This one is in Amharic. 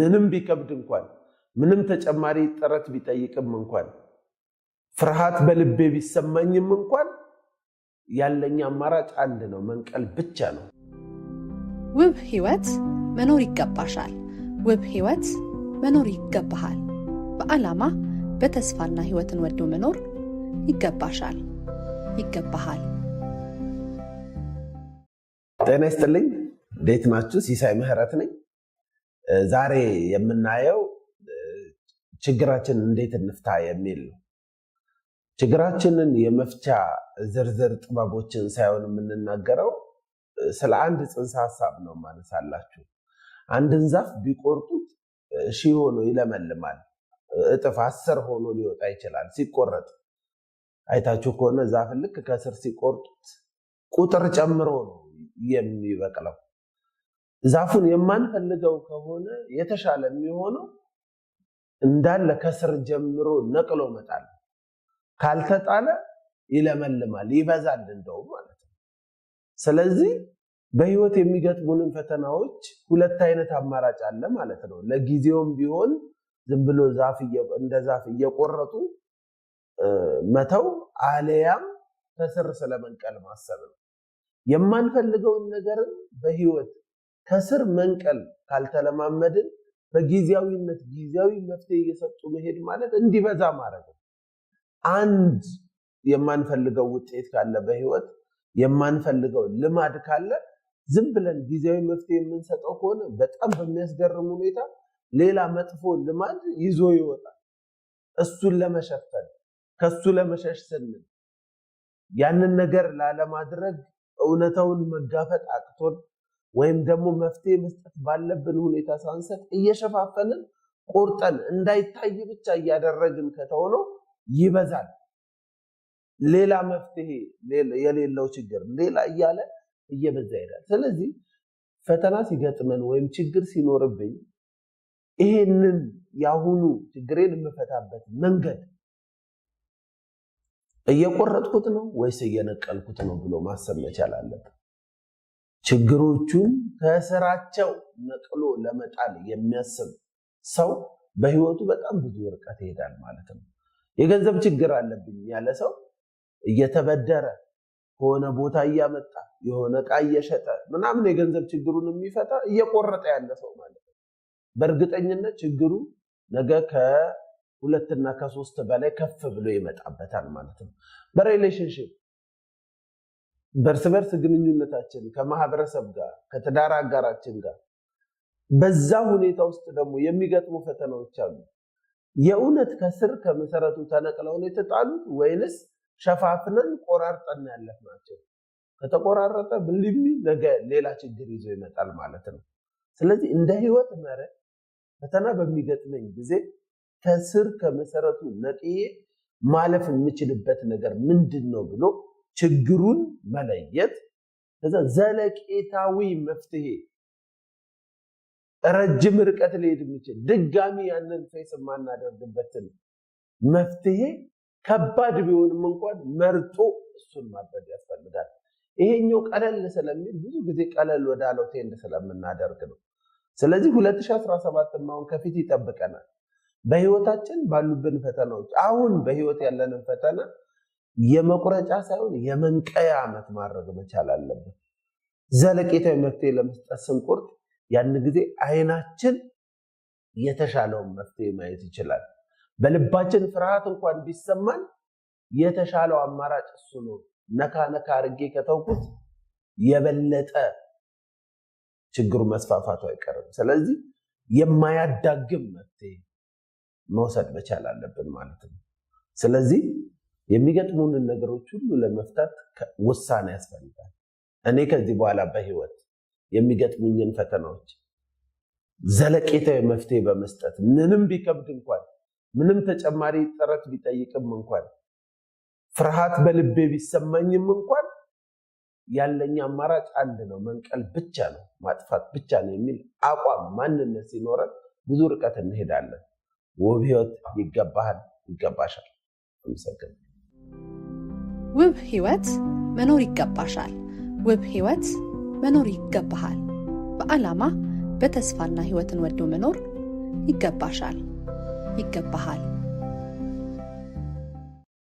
ምንም ቢከብድ እንኳን ምንም ተጨማሪ ጥረት ቢጠይቅም እንኳን ፍርሃት በልቤ ቢሰማኝም እንኳን ያለኝ አማራጭ አንድ ነው፣ መንቀል ብቻ ነው። ውብ ህይወት መኖር ይገባሻል። ውብ ህይወት መኖር ይገባሃል። በዓላማ በተስፋና ህይወትን ወዶ መኖር ይገባሻል፣ ይገባሃል። ጤና ይስጥልኝ። እንዴት ናችሁ? ሲሳይ ምህረት ነኝ። ዛሬ የምናየው ችግራችን እንዴት እንፍታ የሚል ነው። ችግራችንን የመፍቻ ዝርዝር ጥበቦችን ሳይሆን የምንናገረው ስለ አንድ ጽንሰ ሀሳብ ነው ማነሳላችሁ። አንድን ዛፍ ቢቆርጡት ሺህ ሆኖ ይለመልማል፣ እጥፍ አስር ሆኖ ሊወጣ ይችላል። ሲቆረጥ አይታችሁ ከሆነ ዛፍ ልክ ከስር ሲቆርጡት ቁጥር ጨምሮ ነው የሚበቅለው። ዛፉን የማንፈልገው ከሆነ የተሻለ የሚሆነው እንዳለ ከስር ጀምሮ ነቅሎ መጣል። ካልተጣለ ይለመልማል፣ ይበዛል እንደውም ማለት ነው። ስለዚህ በህይወት የሚገጥሙንን ፈተናዎች ሁለት አይነት አማራጭ አለ ማለት ነው። ለጊዜውም ቢሆን ዝም ብሎ እንደ ዛፍ እየቆረጡ መተው፣ አለያም ከስር ስለመንቀል ማሰብ ነው። የማንፈልገውን ነገርን በህይወት ከስር መንቀል ካልተለማመድን በጊዜያዊነት ጊዜያዊ መፍትሄ እየሰጡ መሄድ ማለት እንዲበዛ ማድረግ ነው። አንድ የማንፈልገው ውጤት ካለ በህይወት የማንፈልገው ልማድ ካለ ዝም ብለን ጊዜያዊ መፍትሄ የምንሰጠው ከሆነ በጣም በሚያስገርም ሁኔታ ሌላ መጥፎ ልማድ ይዞ ይወጣል። እሱን ለመሸፈን ከሱ ለመሸሽ ስንል ያንን ነገር ላለማድረግ እውነታውን መጋፈጥ አቅቶን ወይም ደግሞ መፍትሄ መስጠት ባለብን ሁኔታ ሳንሰጥ እየሸፋፈንን ቆርጠን እንዳይታይ ብቻ እያደረግን ከተሆነ ይበዛል። ሌላ መፍትሄ የሌለው ችግር ሌላ እያለ እየበዛ ይሄዳል። ስለዚህ ፈተና ሲገጥመን ወይም ችግር ሲኖርብኝ ይሄንን የአሁኑ ችግሬን የምፈታበት መንገድ እየቆረጥኩት ነው ወይስ እየነቀልኩት ነው ብሎ ማሰብ መቻል አለብን። ችግሮቹን ከስራቸው ነቅሎ ለመጣል የሚያስብ ሰው በህይወቱ በጣም ብዙ ርቀት ይሄዳል ማለት ነው። የገንዘብ ችግር አለብኝ ያለ ሰው እየተበደረ ከሆነ ቦታ እያመጣ የሆነ እቃ እየሸጠ ምናምን የገንዘብ ችግሩን የሚፈታ እየቆረጠ ያለ ሰው ማለት ነው። በእርግጠኝነት ችግሩ ነገ ከሁለትና ከሶስት በላይ ከፍ ብሎ ይመጣበታል ማለት ነው። በሪሌሽንሽፕ በእርስ በርስ ግንኙነታችን ከማህበረሰብ ጋር ከትዳር አጋራችን ጋር በዛ ሁኔታ ውስጥ ደግሞ የሚገጥሙ ፈተናዎች አሉ። የእውነት ከስር ከመሰረቱ ተነቅለው ነው የተጣሉት ወይንስ ሸፋፍነን ቆራርጠን ያለፍ ናቸው? ከተቆራረጠ ብልሚ ነገ ሌላ ችግር ይዞ ይመጣል ማለት ነው። ስለዚህ እንደ ህይወት መረ ፈተና በሚገጥመኝ ጊዜ ከስር ከመሰረቱ ነቅዬ ማለፍ የምችልበት ነገር ምንድን ነው ብሎ ችግሩን መለየት ከዛ ዘለቄታዊ መፍትሄ ረጅም ርቀት ሊሄድ የሚችል ድጋሚ ያንን ፌስ የማናደርግበትን መፍትሄ ከባድ ቢሆንም እንኳን መርጦ እሱን ማድረግ ያስፈልጋል። ይሄኛው ቀለል ስለሚል ብዙ ጊዜ ቀለል ወዳለው ቴንድ ስለምናደርግ ነው። ስለዚህ 2017 አሁን ከፊት ይጠብቀናል። በህይወታችን ባሉብን ፈተናዎች አሁን በህይወት ያለንን ፈተና የመቁረጫ ሳይሆን የመንቀያ ዓመት ማድረግ መቻል አለበት። ዘለቄታዊ መፍትሄ ለመስጠት ስንቆርጥ ያን ጊዜ አይናችን የተሻለውን መፍትሄ ማየት ይችላል። በልባችን ፍርሃት እንኳን ቢሰማን የተሻለው አማራጭ እሱ ነው። ነካ ነካ አድርጌ ከተውኩት የበለጠ ችግሩ መስፋፋቱ አይቀርም። ስለዚህ የማያዳግም መፍትሄ መውሰድ መቻል አለብን ማለት ነው። ስለዚህ የሚገጥሙንን ነገሮች ሁሉ ለመፍታት ውሳኔ ያስፈልጋል። እኔ ከዚህ በኋላ በህይወት የሚገጥሙኝን ፈተናዎች ዘለቄታዊ መፍትሄ በመስጠት ምንም ቢከብድ እንኳን ምንም ተጨማሪ ጥረት ቢጠይቅም እንኳን ፍርሃት በልቤ ቢሰማኝም እንኳን ያለኝ አማራጭ አንድ ነው፣ መንቀል ብቻ ነው፣ ማጥፋት ብቻ ነው የሚል አቋም ማንነት ሲኖረን ብዙ ርቀት እንሄዳለን። ውብ ህይወት ይገባሃል፣ ይገባሻል። አመሰግናለሁ። ውብ ህይወት መኖር ይገባሻል። ውብ ህይወት መኖር ይገባሃል። በዓላማ በተስፋና ህይወትን ወዶ መኖር ይገባሻል፣ ይገባሃል።